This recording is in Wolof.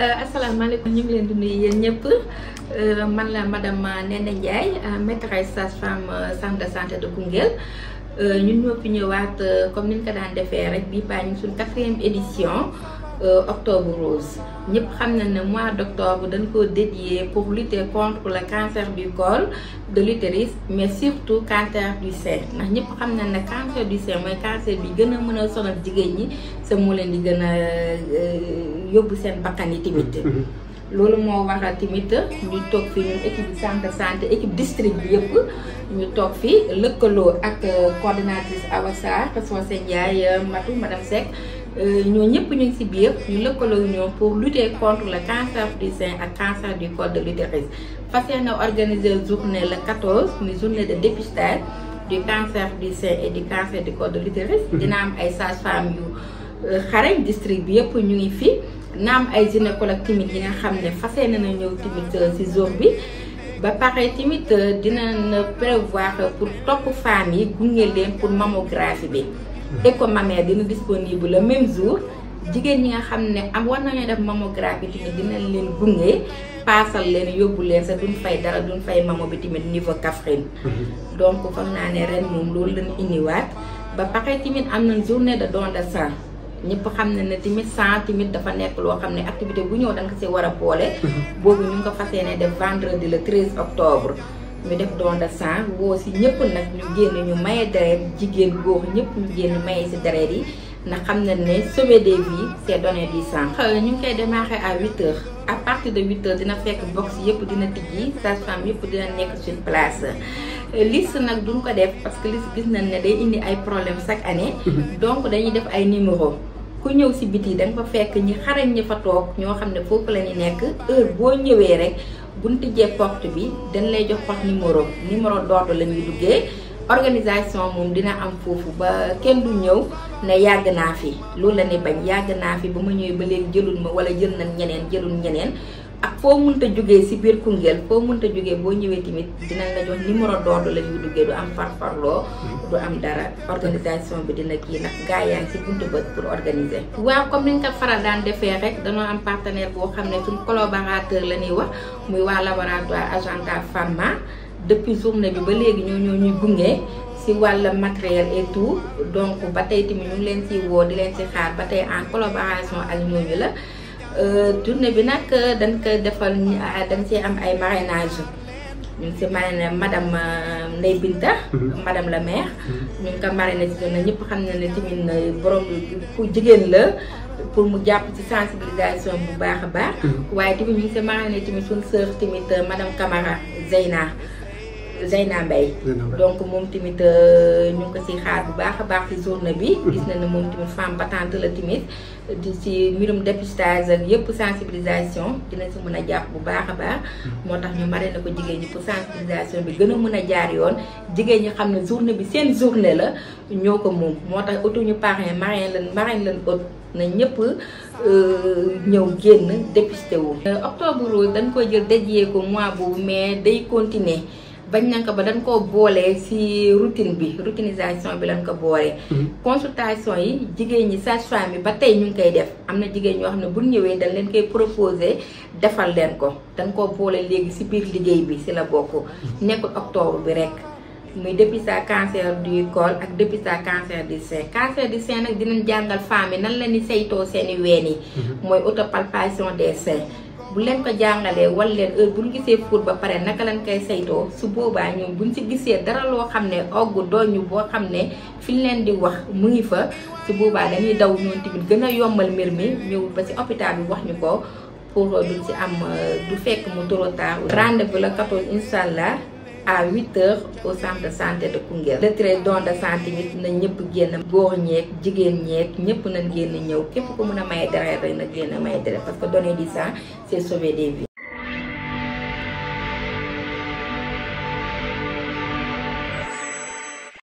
Euh, asalaamaaleykum ñu ngi leen di nuyu yéen ñëpp euh, man la madame Néné Ndiaye euh, maîtresse sage-femme centre de santé de Koungheul ñu ñoo fi ñëwaat comme ni ñu daan defee rek bii baa ñu ngi quatrième édition octobre rose ñëpp xam na ne mois d' octobre dañ ko dédié pour lutter contre le cancer du col de l'utérus mais surtout cancer du sein ndax ñëpp xam na ne cancer du sein mooy cancer bi gën a mën a sonal jigéen ñi sa moo leen di gën a yóbbu seen bakkan yi tamit. Mm-hmm. loolu moo waral tamit ñu toog fi ñun équipe centre santé équipe district bi yëpp ñu toog fii lëkkaloo ak euh, coordinatrice Awa Sarr Fatou Seye Ndiaye euh, Matou madame Seck euh, ñoo ñëpp ñu ngi si biir ñu lëkkaloo ñoo pour lu lutter contre le cancer du sein ak cancer du col de l'utérus fas yéene organiser journée le 14 muy journée de dépistage du cancer du sein et du cancer du col de l'utérus mm-hmm. dina am ay sages-femmes yu xarañ district bi yëpp ñu ngi fi naam ay gynécologue timit yi nga xam ne fas yéene na ñëw timit ci euh, jour bi ba pare timit euh, dinañ prévoir pour topp femmes yi gunge leen pour mammographie bi te mm-hmm. écho mammaire dina disponible le même jour jigéen ñi nga xam ne am war nañoo def mammographie timit dinañ leen gunge paasal leen yóbbu leen sa duñ fay dara duñ fay mamo bi timit niveau Kaffrine mm-hmm. donc xam naa ne ren moom loolu lañ indiwaat ba pare timit am nañ journée de don de sang ñëpp xam ne ne tamit sans tamit dafa nekk loo xam ne activité bu ñëw danga nga si war a boole. boobu ñu ngi ko fas yéene def di la 13 octobre. ñu def don de sang woo si ñëpp nag ñu génn ñu maye deret jigéen góor ñëpp ñu génn maye si deret yi ndax xam na ni sauver des vies c'est donner du sang. ñu ngi koy démarrer à 8 heures à partir de 8 dina fekk box yëpp dina tijji sage-femme yëpp dina nekk sur place. liste nag duñ ko def parce que liste gis nañ ne day indi ay problème chaque année. Mhm. donc dañuy def ay numéro ku ñëw si biti da nga fa fekk ñi xarañ ñi fa toog ñoo xam ne foofu la ñu nekk boo ñëwee rek buñ tijjee porte bi dañ lay jox wax numéro numéro d'ordre la ñuy duggee. organisation moom dina am foofu ba kenn du ñëw ne yàgg naa fi loolu la ne bañ yàgg naa fi ba ma ñëwee ba léegi jëlul ma wala jël nañ ñeneen jëlul ñeneen. ak foo munta jógee si biir Koungheul foo munta jógee boo ñëwee tamit dina la jox numéro d'ordre la ñuy duggee du am farfarloo mm-hmm. du am dara organisation bi dina kii nag gaa yaa ngi si buntu bët pour organiser waa comme ni nga ko faral daan defee rek danoo am partenaire boo xam ne suñ collaborateur la ñuy wax muy waa laboratoire agenda Famma depuis journée bi ba léegi ñoo ñoo ñuy gunge ci wàll matériel et tout donc ba tey tamit ñu leen ci woo di leen ci xaar ba tey en collaboration ak ñooñu la Euh, tournée bi nag euh, dañ koy defal ah, dañ ci am ay marrainage ñu ngi si marraine madame euh, Ndeye Binta. Mhm. madame la maire. Mhm. ñu ngi ko marraine si na ñëpp xam na ne tamit borom ku jigéen la pour mu jàpp ci sensibilisation bu baax a baax. Mhm. waaye tamit ñu ngi si marraine tamit suñu sœur tamit madame Camara Zeyna. Zeyna Mbaye donc moom tamit euh, ñu ngi ko si xaar bu baax a baax si journée bi mm-hmm. gis na ne moom tamit femme battante la tamit di si mbirum dépistage yëpp sensibilisation dina si mën a jàpp bu baax a baax mm-hmm. moo tax ñu mare na ko jigéen ñi pour sensibilisation bi gën a mën a jaar yoon jigéen ñi xam ne journée bi seen journée la ñoo ko moom moo tax otuñu ñu parrain marraine lan marraine lan ot na ñëpp euh, ñëw génn dépisté wu euh, octobre dañ koy jël dédié ko mois bu mais day continuer bañ nañ ba dañ koo boolee si routine bi routinisation bi lañ ko boolee mhm. consultation yi jigéen ñi sage-femme yi ba tey ñu ngi koy def am na jigéen ñoo xam ne bu ñëwee dañ leen koy proposer defal leen ko dañ koo boole léegi si biir liggéey bi si la bokk mhm. nekk octobre bi rek muy dépistage cancer du col ak dépistage cancer du sein cancer du sein nag dinañ jàngal femme yi nan la ni saytoo seeni ween yi mhm. mooy autopalpation des seins bu leen ko jàngalee wan leen heure gisee fuur ba pare naka lañ koy saytoo su boobaa ñoom buñ ci gisee dara loo xam ne ogg doñu boo xam ne fi leen di wax mu ngi fa su boobaa dañuy daw noonu tamit gën a yombal mbir mi ñëw ba si hôpital bi wax ñu ko pour duñ si am euh, du fekk mu trop tard rendez-vous la 14 incha allah à 8 heures au centre de santé de Koungheul. décret don de santé nit na ñëpp génn góor ñeeg jigéen ñeeg ñëpp nañ génn ñëw képp ku mën a may deret rek na génn may deret parce que donner du sang c'est sauver des vies